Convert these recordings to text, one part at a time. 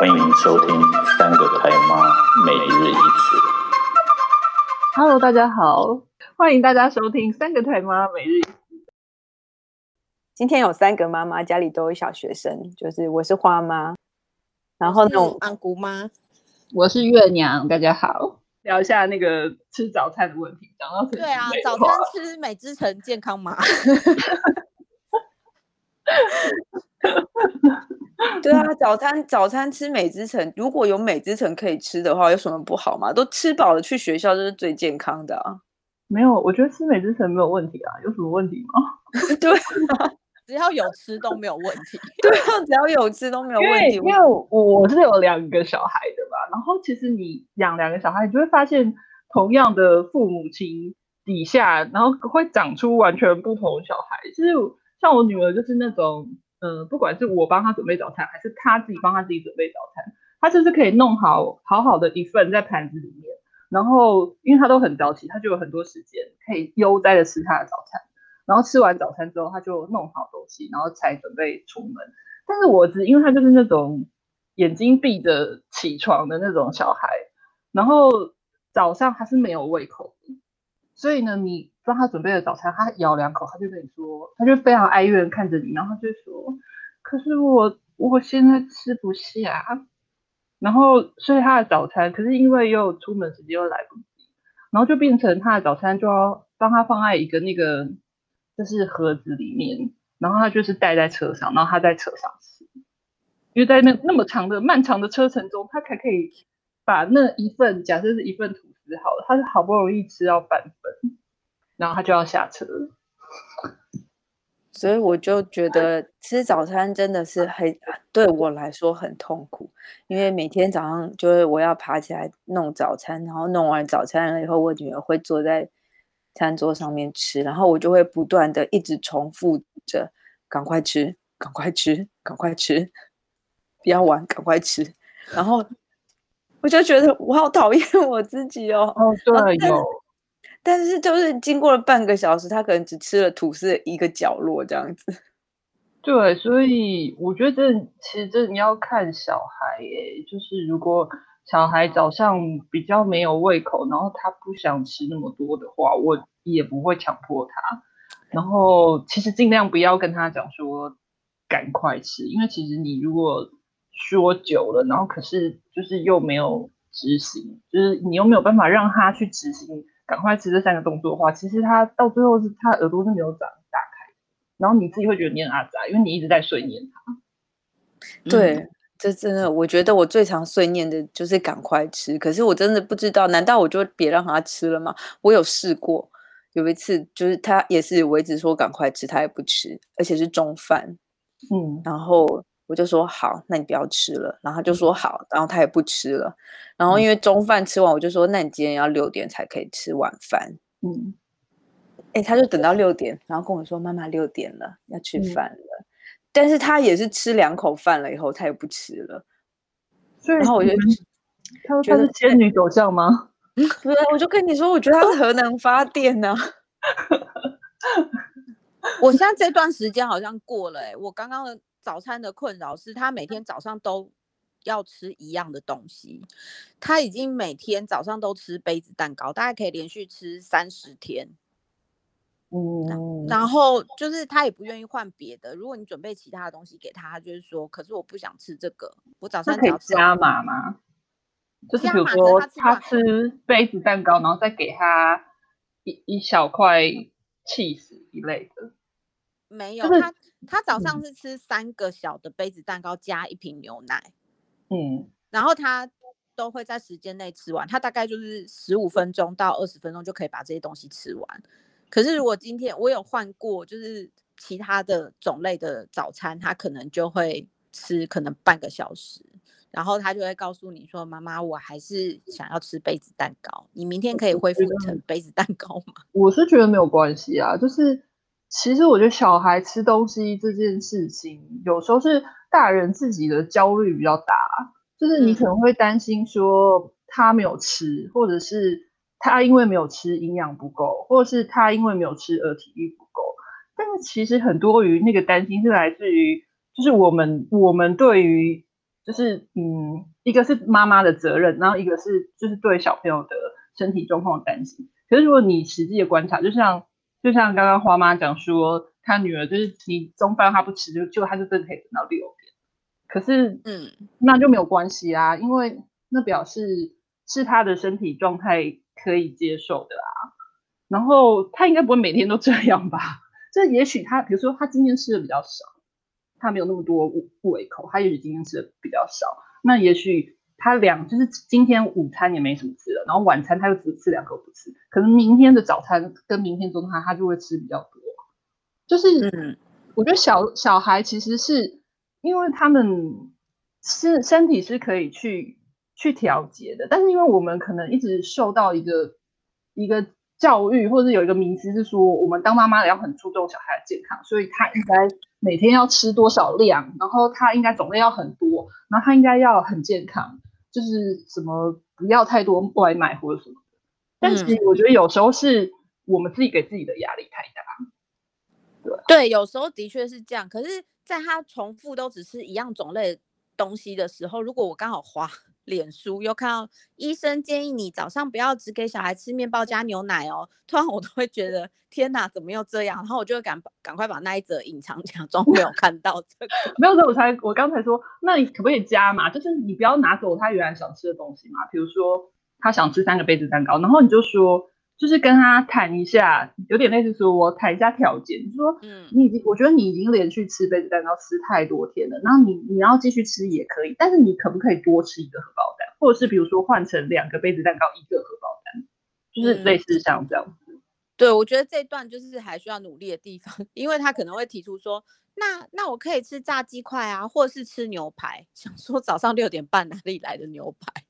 歡迎收聽《三個台媽每日一次》。Hello，大家好，歡迎大家收聽《三個台媽每日一次》。今天有三個媽媽，家裡都有一小學生，就是我是花媽，花媽然後呢，那種我安姑媽，我是月娘。大家好，聊一下那個吃早餐的問題。講到對啊，早餐吃美之城健康嗎？ 對啊，早餐早餐吃美之城，如果有美之城可以吃的話，有什麼不好嗎？都吃飽了去學校就是最健康的啊。沒有，我覺得吃美之城沒有問題啊，有什麼問題嗎？ 對啊 題 對啊，只要有吃都沒有問題。對啊，只要有吃都沒有問題。因為我是有兩個小孩的吧，然後其實你養兩個小孩，你就會發現同樣的父母親底下，然後會長出完全不同小孩。其實像我女兒就是那種。呃、嗯，不管是我幫他準備早餐，還是他自己幫他自己準備早餐，他就是可以弄好好好的一份在盤子裡面。然後，因為他都很早起，他就有很多時間可以悠哉的吃他的早餐。然後吃完早餐之後，他就弄好東西，然後才準備出門。但是，我只因為他就是那種眼睛閉着起床的那種小孩，然後早上他是沒有胃口的，所以呢，你。幫他準備的早餐，他咬兩口，他就跟你說，他就非常哀怨看着你，然後他就說：“可是我我現在吃不下。”然後，所以他的早餐，可是因為又出門時間又來不及，然後就變成他的早餐就要幫他放在一個那個就是盒子裡面，然後他就是帶在車上，然後他在車上吃。因為在那那麼長的漫長的車程中，他才可以把那一份假設是一份吐司好了，他是好不容易吃到半份。然後他就要下車，所以我就覺得吃早餐真的是很，對我來說很痛苦，因為每天早上就是我要爬起來弄早餐，然後弄完早餐了以後，我女兒會坐在餐桌上面吃，然後我就會不斷的一直重複着趕快吃，趕快吃，趕快吃，趕快吃，不要玩，趕快吃，然後我就覺得我好討厭我自己哦。哦，對。但是就是經過了半個小時，他可能只吃了吐司的一個角落這樣子。對，所以我覺得這其實這你要看小孩哎、欸，就是如果小孩早上比較沒有胃口，然後他不想吃那麼多的話，我也不會強迫他。然後其實儘量不要跟他講說趕快吃，因為其實你如果說久了，然後可是就是又沒有執行，就是你又沒有辦法讓他去執行。趕快吃這三個動作的話，其實他到最後是他耳朵是沒有長打開，然後你自己會覺得你很阿雜，因為你一直在碎念他。對，這、嗯、真的，我覺得我最常碎念的就是趕快吃。可是我真的不知道，難道我就別讓他吃了嗎？我有試過，有一次就是他也是我一直說趕快吃，他也不吃，而且是中飯。嗯，然後。我就說好，那你不要吃了。然後他就說好，嗯、然後他也不吃了。然後因為中飯吃完，我就說、嗯、那你今天要六點才可以吃晚飯。嗯，哎，他就等到六點，然後跟我說，媽媽六點了，要吃飯了、嗯。但是他也是吃兩口飯了以後，他也不吃了。所以然後我就覺得，他說他是仙女走賬嗎？不是，我就跟你說，我覺得他是核能發電呢、啊。 我現在這段時間好像過了哎、欸，我剛剛的。早餐的困擾是他每天早上都要吃一樣的東西，他已經每天早上都吃杯子蛋糕，大概可以連續吃三十天。嗯、啊，然後就是他也不願意換別的。如果你準備其他的東西給他，他就是說，可是我不想吃這個，我早餐想吃加碼嗎？就是比如說他吃杯子蛋糕，然後再給他一一小塊 cheese 一類的。沒有，他他早上是吃三個小的杯子蛋糕加一瓶牛奶，嗯，然後他都會在時間內吃完，他大概就是十五分鐘到二十分鐘就可以把這些東西吃完。可是如果今天我有換過就是其他的種類的早餐，他可能就會吃可能半個小時，然後他就會告訴你說，媽媽，我還是想要吃杯子蛋糕，你明天可以恢復成杯子蛋糕嗎？我覺得，我是覺得沒有關係啊，就是。其實我覺得小孩吃東西這件事情，有時候是大人自己的焦慮比較大，就是你可能會擔心說他沒有吃，或者是他因為沒有吃營養不夠，或者是他因為沒有吃而體力不夠。但是其實很多於那個擔心是來自於，就是我們我們對於就是嗯，一個是媽媽的責任，然後一個是就是對小朋友的身體狀況的擔心。可是如果你實際的觀察，就像。就像剛剛花媽講說，她女兒就是你中飯她不吃，就就她就真的可以等到六點。可是，嗯，那就沒有關係啊，因為那表示是她的身體狀態可以接受的啦、啊。然後她應該不會每天都這樣吧？這也許她，比如說她今天吃的比較少，她沒有那麼多胃口，她也許今天吃的比較少，那也許。他兩就是今天午餐也沒什麼吃了，然後晚餐他又只吃兩口不吃，可能明天的早餐跟明天中餐他，他就會吃比較多。就是，嗯，我覺得小小孩其實是因為他們身身體是可以去去調節的，但是因為我們可能一直受到一個一個教育，或者是有一個名詞是說我們當媽媽的要很注重小孩的健康，所以他應該每天要吃多少量，然後他應該種類要很多，然後他應該要很健康，就是什麼不要太多外賣或者什麼的，但、嗯、是，我覺得有時候是我們自己給自己的壓力太大對、啊。對，有時候的確是這樣。可是，在他重複都只是一樣種類東西的時候，如果我剛好花。臉書又看到醫生建議你早上不要只給小孩吃麵包加牛奶哦，突然我都會覺得天哪、啊，怎麼又這樣？然後我就趕趕快把那一則隱藏起來，假裝沒有看到、這個。 沒有的，我才我剛才說，那你可不可以加嘛？就是你不要拿走他原來想吃的東西嘛，比如說他想吃三個杯子蛋糕，然後你就說。就是跟他談一下，有點類似說，我談一下條件，就是、說，嗯，你已經、嗯，我覺得你已經連續吃杯子蛋糕吃太多天了，那你你要繼續吃也可以，但是你可不可以多吃一個荷包蛋，或者是比如說換成兩個杯子蛋糕，一個荷包蛋，就是類似像這樣子。嗯、對，我覺得這一段就是還需要努力的地方，因為他可能會提出說，那那我可以吃炸雞塊啊，或是吃牛排，想說早上六點半哪裡來的牛排？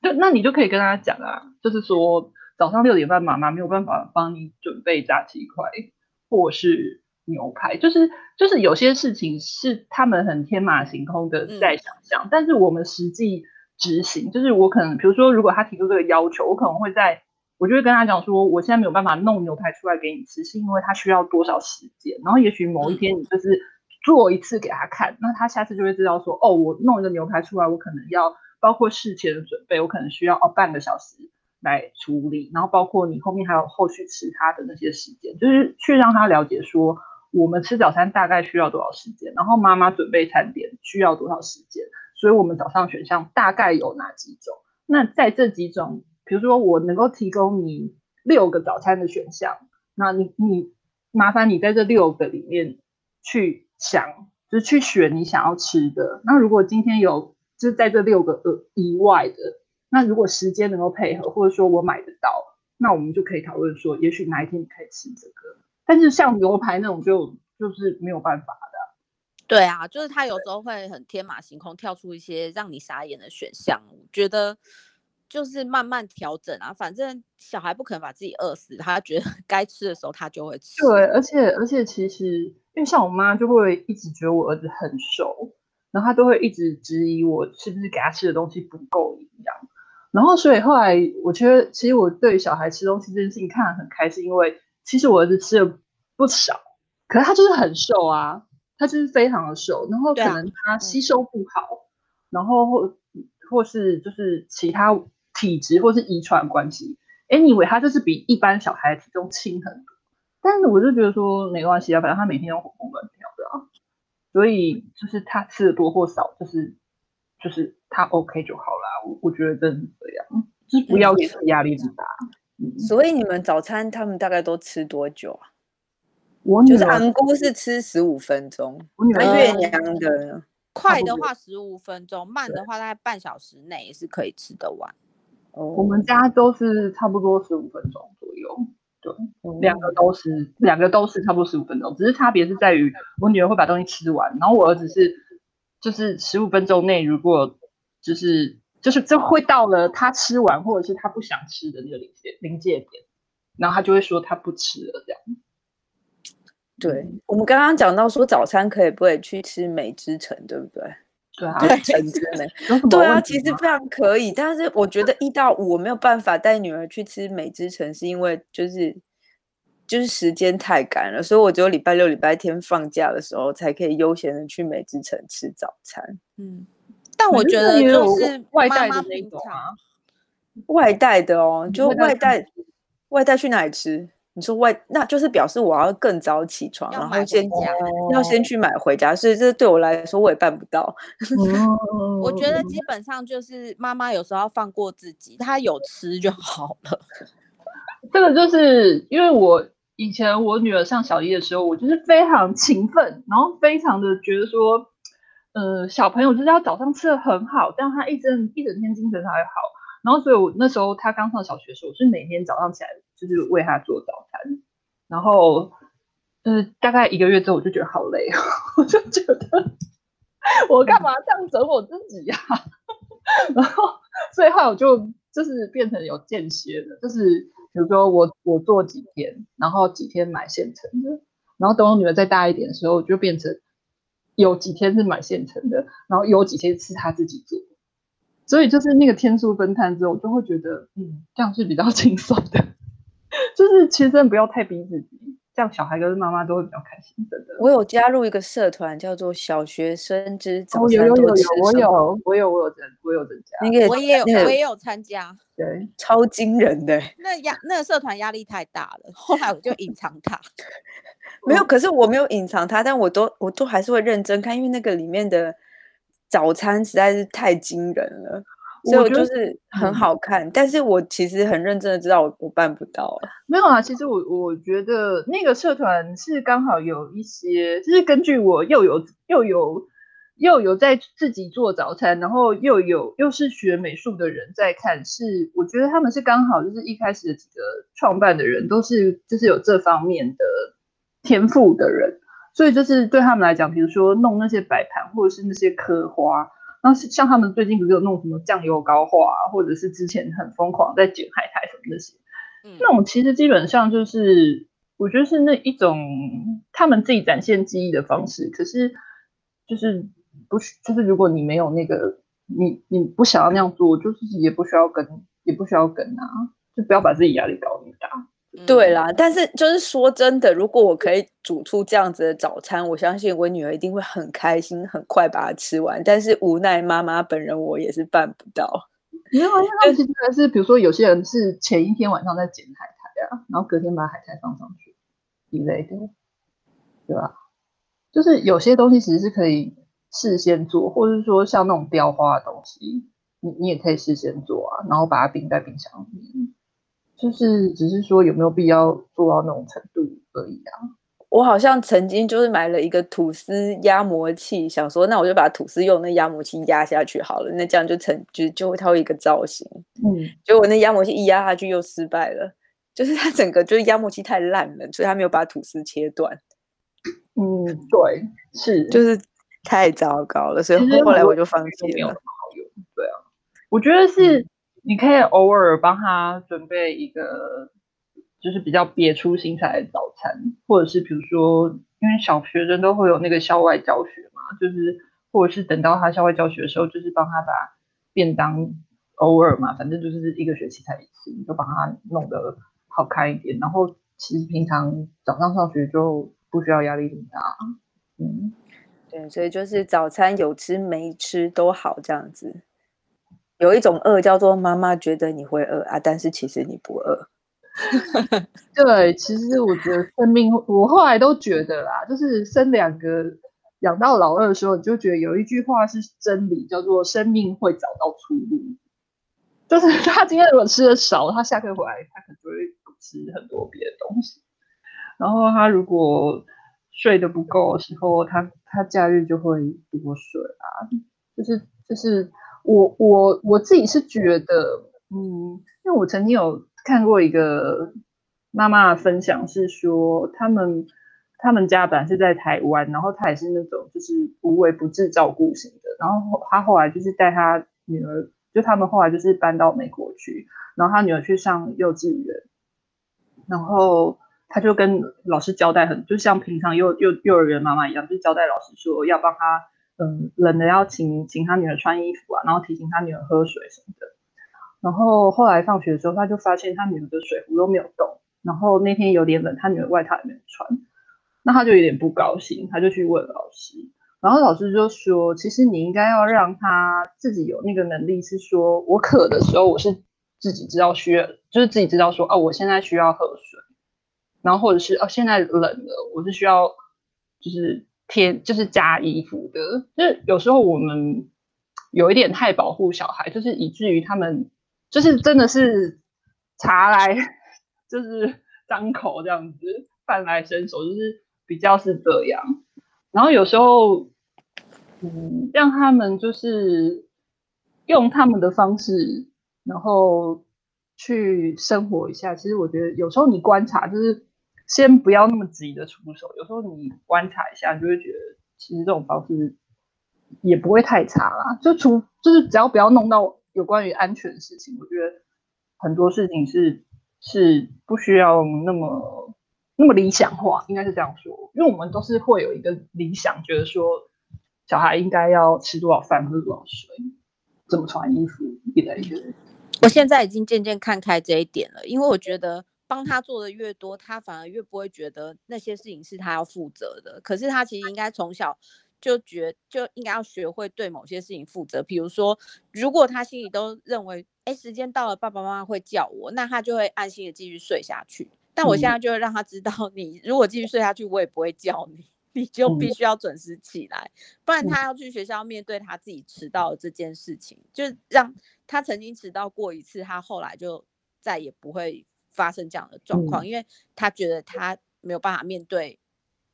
那那你就可以跟他講啊，就是說。早上六點半，媽媽沒有辦法幫你準備炸雞塊或是牛排，就是就是有些事情是他們很天馬行空的在想象，嗯、但是我們實際執行，就是我可能，比如說如果他提出這個要求，我可能會在，我就會跟他講說，我現在沒有辦法弄牛排出來給你吃，是因為他需要多少時間，然後也許某一天你就是做一次給他看、嗯，那他下次就會知道說，哦，我弄一個牛排出來，我可能要包括事前的準備，我可能需要哦半個小時。在處理，然後包括你後面還有後續其他的那些時間，就是去讓他了解說，我們吃早餐大概需要多少時間，然後媽媽準備餐點需要多少時間，所以我們早上選項大概有哪幾種？那在這幾種，比如說我能夠提供你六個早餐的選項，那你你麻煩你在這六個裡面去想，就是去選你想要吃的。那如果今天有，就是在這六個呃以外的，那如果時間能夠配合，或者說我買得到，那我們就可以討論說，也許哪一天你可以吃這個。但是像牛排那種就，就就是沒有辦法的啊。對啊，就是他有時候會很天馬行空，跳出一些讓你傻眼的選項。我覺得就是慢慢調整啊，反正小孩不可能把自己餓死，他覺得該吃的時候他就會吃。對，而且而且其實，因為像我媽就會一直覺得我兒子很瘦，然後她都會一直質疑我是不是給他吃的東西不夠營養。然後，所以後來我覺得，其實我對小孩吃東西這件事情看得很開心，因為其實我兒子吃的不少,可是他就是很瘦啊，他就是非常的瘦，然後可能他吸收不好，嗯、然後或或是就是其他體質或是遺傳關係，哎，你以為他就是比一般小孩體重輕很多，但是我就覺得說沒關係啊，反正他每天都活蹦亂跳的啊，所以就是他吃的多或少，就是。就是他 OK 就好啦，我我覺得真的這樣，是不要也是壓力很大。所以你們早餐他們大概都吃多久啊？我女兒就是他們公司吃十五分鐘，我月娘的、嗯、快的話十五分鐘，慢的話大概半小時內也是可以吃得完。Oh, 我們家都是差不多十五分鐘左右，對，兩、嗯、個都是兩個都是差不多十五分鐘，只是差別是在於我女兒會把東西吃完，然後我兒子是。嗯就是十五分鐘內，如果就是就是，就會到了他吃完，或者是他不想吃的那個臨界臨界點，然後他就會說他不吃了這樣。對，我們剛剛講到說早餐可以不可以去吃美之城，對不對？對啊對對， 對啊，其實非常可以，但是我覺得一到五我沒有辦法帶女兒去吃美之城，是因為就是。就是時間太趕了，所以我只有禮拜六、禮拜天放假的時候才可以悠閒的去美之城吃早餐。嗯，但我覺得就是媽媽、嗯、外帶的那種外帶的哦，就外帶，外帶去哪裡吃？你說外，那就是表示我要更早起床，然後先講、哦，要先去買回家，所以這對我來說，我也辦不到。哦、 我覺得基本上就是媽媽有時候要放過自己，她有吃就好了。這個就是因為我。以前我女兒上小一的時候，我就是非常勤奮，然後非常的覺得說，呃，小朋友就是要早上吃的很好，但她他一整一整天精神才好。然後所以我，我那時候他剛上小學的時候，我是每天早上起來就是為他做早餐。然後，呃，大概一個月之後，我就覺得好累 我就覺得我幹嘛這樣整我自己呀，啊？嗯、 然後，最後我就就是變成有間歇的，就是。比如說我我做幾天，然後幾天買現成的，然後等我女兒再大一點的時候，就變成有幾天是買現成的，然後有幾天是她自己做。所以就是那個天數分攤之後，我就會覺得嗯，這樣是比較輕鬆的，就是其實不要太逼自己。這樣小孩跟媽媽都會比較開心，真的。我有加入一個社團，叫做小學生之早餐我、oh, 有,有,有,有，我有，我有，我有，我有我有、那個、我也有、那個，我也有參加。對，超驚人的、欸。那壓那個社團壓力太大了，後來我就隱藏它。沒 有， 可是我沒有隱藏它，但我都我都還是會認真看，因為那個裡面的早餐實在是太驚人了。所以我就是很好看，就是嗯，但是我其實很認真的知道我辦不到啊。沒有啊，其實我我覺得那個社團是剛好有一些，就是根據我又有又有又有在自己做早餐，然後又有又是學美術的人在看，是我覺得他們是剛好就是一開始的幾個創辦的人都是就是有這方面的天賦的人，所以就是對他們來講，比如說弄那些擺盤或者是那些刻花。那是像他們最近不是有弄什麼醬油膏化啊，或者是之前很瘋狂在撿海苔什麼那些，那種其實基本上就是，我覺得是那一種他們自己展現記憶的方式。可是就是不就是如果你沒有那個，你你不想要那樣做，就是也不需要跟，也不需要跟啊，就不要把自己壓力搞那麼大。對啦、嗯，但是就是說真的，如果我可以煮出這樣子的早餐，我相信我女兒一定會很開心，很快把它吃完。但是無奈媽媽本人，我也是辦不到。沒、嗯、有，那其實是比如說有些人是前一天晚上在剪海苔啊，然後隔天把海苔放上去一類的，對吧？就是有些東西其實是可以事先做，或者是說像那種雕花的東西，你你也可以事先做啊，然後把它冰在冰箱裡。就是只是說有沒有必要做到那種程度而已啊！我好像曾經就是買了一個吐司壓模器，想說那我就把吐司用那壓模器壓下去好了，那這樣就成就就會它會一個造型。嗯，結果我那壓模器一壓下去又失敗了，就是它整個就是壓模器太爛了，所以它沒有把吐司切斷。嗯，對，是就是太糟糕了，所以後，我後來我就放棄了，沒有那麼好用。對啊，我覺得是、嗯。你可以偶爾幫他準備一個，就是比較別出心裁的早餐，或者是比如說，因為小學生都會有那個校外教學嘛，就是或者是等到他校外教學的時候，就是幫他把便當偶爾嘛，反正就是一個學期才一次，就把它弄得好看一點。然後其實平常早上上學就不需要壓力這麼大，嗯，對，所以就是早餐有吃沒吃都好這樣子。有一種餓叫做媽媽覺得你會餓啊，但是其實你不餓。 對，其實我覺得生命，我後來都覺得啦，就是生兩個養到老二的時候，你就覺得有一句話是真理，叫做生命會找到出路。就是他今天如果吃得少，他下課回來他可能就會不吃很多別的東西。然後他如果睡得不夠的時候，他他假日就會多睡啊，就是就是。我我我自己是覺得，嗯，因為我曾經有看過一個媽媽的分享，是說他們他們家本來是在台灣，然後她也是那種就是無微不至照顧型的，然後她後來就是帶她女兒，就他們後來就是搬到美國去，然後她女兒去上幼稚園，然後她就跟老師交代很，就像平常幼幼幼兒園媽媽一樣，就交代老師說要幫她。嗯，冷的要請請他女兒穿衣服啊，然後提醒他女兒喝水什麼的。然後後來放學的時候，他就發現他女兒的水壺都沒有動。然後那天有點冷，他女兒外套也沒有穿，那他就有點不高興，他就去問老師。然後老師就說：“其實你應該要讓他自己有那個能力，是說我渴的時候，我是自己知道需要，就是自己知道說哦、啊，我現在需要喝水。然後或者是哦、啊，現在冷了，我是需要，就是。”添就是加衣服的。就是，有時候我們有一點太保護小孩，就是以至於他們就是真的是茶來就是張口這樣子，飯來伸手就是比較是這樣。然後有時候嗯，讓他們就是用他們的方式，然後去生活一下。其實我覺得有時候你觀察就是。先不要那麼急的出手，有時候你觀察一下，你就會覺得其實這種方式也不會太差啦。就除就是只要不要弄到有關於安全的事情，我覺得很多事情是是不需要那麼那麼理想化，應該是這樣說。因為我們都是會有一個理想，覺得說小孩應該要吃多少飯，喝多少水，怎麼穿衣服，越來越。我現在已經漸漸看開這一點了，因為我覺得。幫他做的越多，他反而越不會覺得那些事情是他要負責的。可是他其實應該從小就覺得，就應該要學會對某些事情負責。比如說，如果他心裡都認為，哎、欸，時間到了，爸爸媽媽會叫我，那他就會安心的繼續睡下去。但我現在就會讓他知道，嗯、你如果繼續睡下去，我也不會叫你，你就必須要準時起來，嗯、不然他要去學校面對他自己遲到的這件事情。就讓他曾經遲到過一次，他後來就再也不會發生這樣的狀況，因為他覺得他沒有辦法面對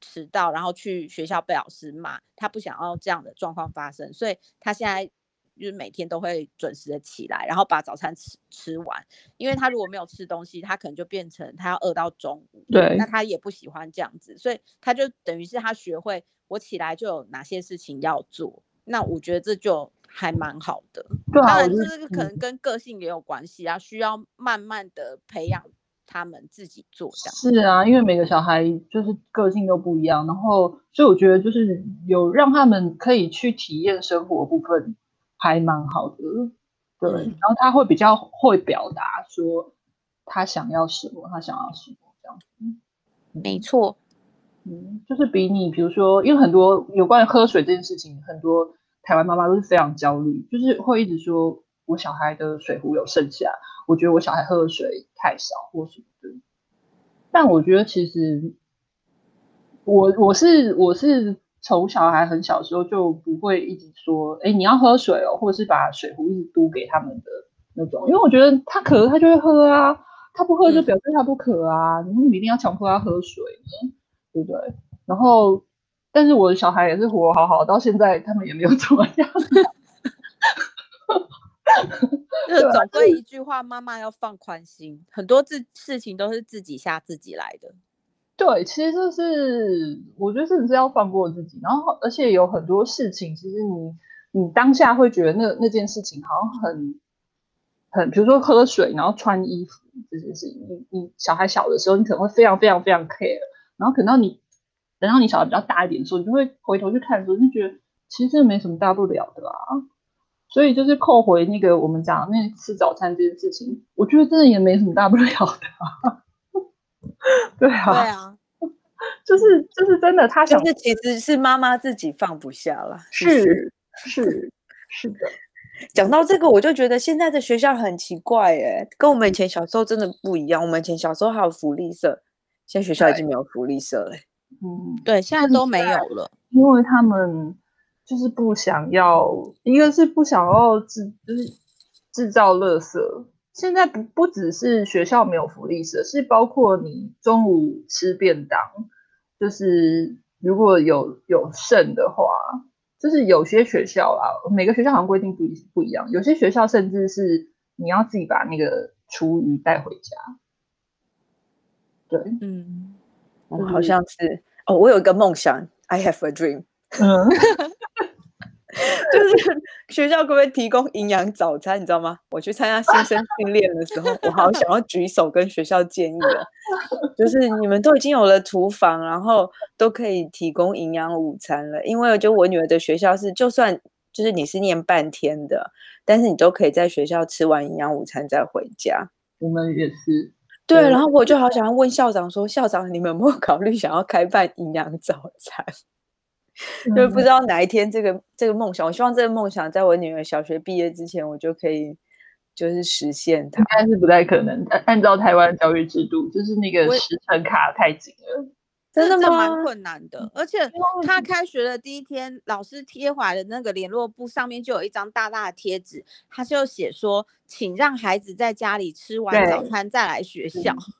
遲到，然後去學校被老師罵，他不想要這樣的狀況發生，所以他現在就是每天都會準時的起來，然後把早餐吃吃完，因為他如果沒有吃東西，他可能就變成他要餓到中午，對，那他也不喜歡這樣子，所以他就等於是他學會我起來就有哪些事情要做，那我覺得這就還蠻好的，對，當然這個可能跟個性也有關係啊，需要慢慢的培養。他們自己做的，是啊，因為每個小孩就是個性都不一樣，然後所以我覺得就是有讓他們可以去體驗生活的部分還蠻好的，對，嗯，然後他會比較會表達說他想要什麼，他想要什麼這樣子，沒錯，嗯，就是比你比如說，因為很多有關於喝水這件事情，很多台灣媽媽都是非常焦慮，就是會一直說我小孩的水壺有剩下。我覺得我小孩喝的水太少或什麼的，但我覺得其實我我是我是從小孩很小的時候就不會一直說，哎，你要喝水哦，或者是把水壺一直都給他們的那種，因為我覺得他渴他就會喝啊，他不喝就表示他不渴啊、嗯，你一定要強迫他喝水呢，對不對？然後，但是我的小孩也是活活好好，到現在他們也沒有怎麼樣。 這 總歸一句話，媽媽要放寬心、就是，很多事情都是自己嚇自己來的。對，其實就是我覺得是，你是要放過自己，然後而且有很多事情，其實你你當下會覺得那那件事情好像很很，比如說喝水，然後穿衣服這件事情，你你小孩小的時候，你可能會非常非常非常 care，然後等到你等到你小孩比較大一點的時候，你就會回頭去看的時候，就覺得其實這沒什麼大不了的啊。所以就是扣回那個我們講的那吃早餐這件事情，我覺得真的也沒什麼大不了的。啊， 對啊，對啊， 就是就是真的，他想，就是，其實是媽媽自己放不下了，是，就是是，是，是的。講到這個，我就覺得現在的學校很奇怪，耶，跟我們以前小時候真的不一樣。我們以前小時候還有福利社，現在學校已經沒有福利社了，嗯，對，現在都沒有了，因為他們。就是不想要，一個是不想要製，就是製造垃圾。現在不不只是學校沒有福利社，是包括你中午吃便當，就是如果有有剩的話，就是有些學校啊，每個學校好像規定不一不一樣。有些學校甚至是你要自己把那個廚餘帶回家。對，嗯，我、哦、好像是哦，我有一個夢想，I have a dream、嗯。 就是學校會不會提供營養早餐，你知道嗎？我去參加新生訓練的時候，我好想要舉手跟學校建議哦，就是你們都已經有了廚房，然後都可以提供營養午餐了。因為就我女兒的學校是，就算就是你是念半天的，但是你都可以在學校吃完營養午餐再回家。我們也是對。對，然後我就好想要問校長說，校長，你們有沒有考慮想要開辦營養早餐？ 就是不知道哪一天這個、嗯、這個夢想，我希望這個夢想在我女兒小學畢業之前，我就可以就是實現它。但是不太可能，按照台灣教育制度，就是那個時程卡太緊了。真的嗎？蠻困難的，嗯。而且他開學的第一天，老師貼出來的那個聯絡簿上面就有一張大大的貼紙，他就寫說，請讓孩子在家裡吃完早餐再來學校。嗯、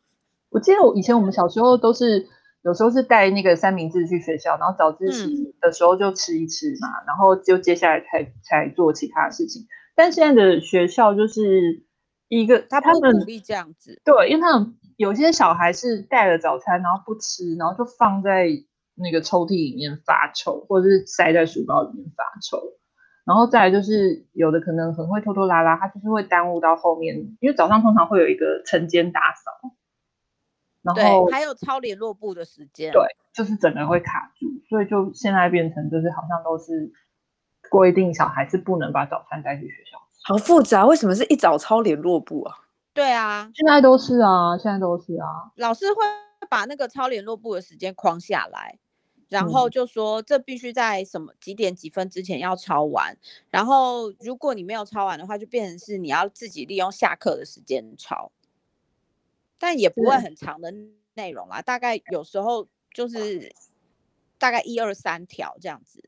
我記得我以前我們小時候都是。有時候是帶那個三明治去學校，然後早自習的時候就吃一吃嘛，嗯、然後就接下來才才做其他的事情。但現在的學校就是一個，他他們努力這樣子。對，因為他們有些小孩是帶了早餐，然後不吃，然後就放在那個抽屜裡面發臭，或者是塞在書包裡面發臭。然後再來就是有的可能很會拖拖拉拉，他就是會耽誤到後面，因為早上通常會有一個晨間打掃。然後，對，還有抄聯絡簿的時間，對，就是整個會卡住，所以就現在變成就是好像都是規定小孩是不能把早餐帶去學校，好複雜，為什麼是一早抄聯絡簿啊？對啊，現在都是啊，現在都是啊，老師會把那個抄聯絡簿的時間框下來，然後就說這必須在什麼幾點幾分之前要抄完，然後如果你沒有抄完的話，就變成是你要自己利用下課的時間抄。但也不會很長的內容啦，大概有時候就是大概一二三條這樣子，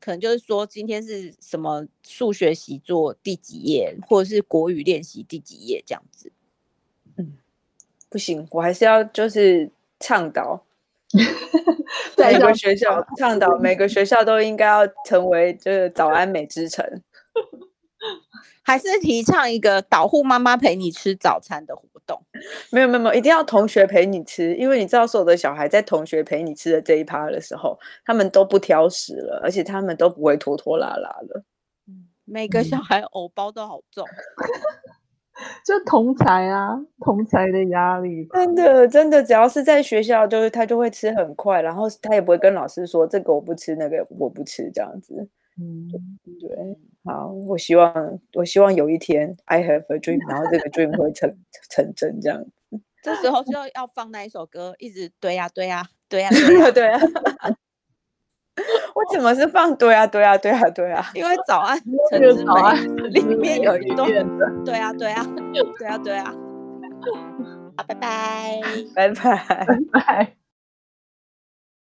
可能就是說今天是什麼數學習作第幾頁，或者是國語練習第幾頁這樣子。嗯，不行，我還是要就是倡導， 在一個學校倡導 每個學校都應該要成為就是早安美之城，還是提倡一個導護媽媽陪你吃早餐的。懂，沒有沒有，一定要同學陪你吃，因為你知道，所有的小孩在同學陪你吃的這一趴的時候，他們都不挑食了，而且他們都不會拖拖拉拉了、嗯。每個小孩偶包都好重，嗯、 就同儕啊， 同儕的壓力，真的真的，只要是在學校，就是他就會吃很快，然後他也不會跟老師說，這個我不吃，那個我不吃這樣子。嗯對，對，好，我希望，我希望有一天，I have a dream， 然後這個 dream 會成成真，成這樣。這時候就要放那一首歌，一直對呀、啊，對呀、啊，對呀、啊，對呀、啊。對啊、 我怎麼是放對呀、啊，對呀、啊，對呀、啊，對呀、啊？ 因為早安，就是早安美之城，裡面有一段的。對呀、啊，對呀、啊 啊，對呀、啊，對呀、啊。對啊、 好，拜拜，拜拜，拜拜。